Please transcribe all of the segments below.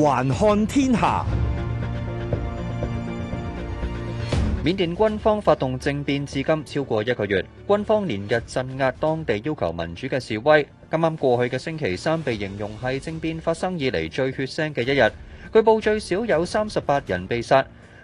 環看天下。緬甸軍方發動政變至今超過一個月，軍方連日鎮壓當地要求民主嘅示威。剛啱過去嘅星期三，被形容係政變發生以嚟，最血腥嘅一日，據報最少有三十八人被殺。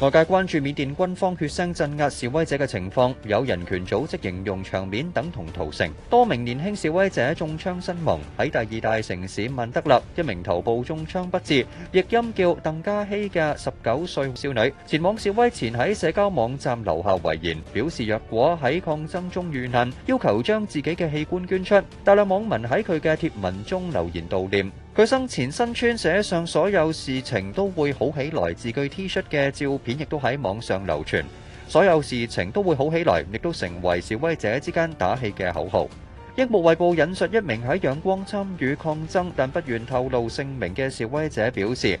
外界關注緬甸軍方血腥鎮壓示威者嘅情況，有人權組織形容場面等同屠城。多名年輕示威者中槍身亡，喺第二大城市曼德勒，一名頭部中槍不治，譯音叫鄧嘉希嘅十九歲少女，前往示威前喺社交網站留下遺言，表示若果喺抗爭中遇難，要求將自己嘅器官捐出。大量網民喺佢嘅帖文中留言悼念。佢生前身穿寫上所有事情都會好起來字句 T 恤嘅照片，亦都喺網上流傳。所有事情都會好起來，亦都成為示威者之間打氣嘅口號。英國《衛報》引述一名喺仰光參與抗爭但不願透露姓名嘅示威者表示。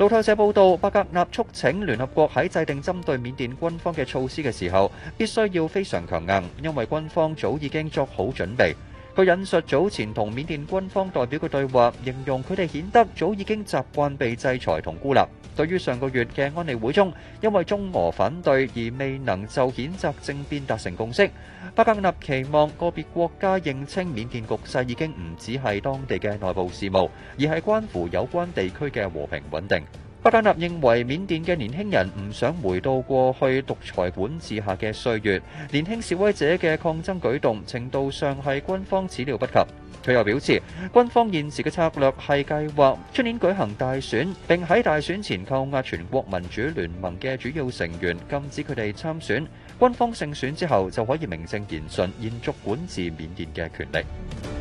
路透社報導，巴格納促請聯合國喺制定針對緬甸軍方嘅措施嘅時候，必須要非常強硬，因為軍方早已經作好準備。佢引述早前同緬甸軍方代表嘅對話，形容佢哋顯得早已經習慣被制裁同孤立。對於上個月嘅安理會中，因為中俄反對而未能就譴責政變達成共識，巴格納期望個別國家認清緬甸局勢已經唔只係當地嘅內部事務，而係關乎有關地區嘅和平穩定。巴加納認為，緬甸嘅年輕人唔想回到過去獨裁管治下嘅歲月。年輕示威者嘅抗爭舉動程度上係軍方始料不及。佢又表示，軍方現時嘅策略係計劃出年舉行大選，並喺大選前扣押全國民主聯盟嘅主要成員，禁止佢哋參選。軍方勝選之後，就可以名正言順延續管治緬甸嘅權力。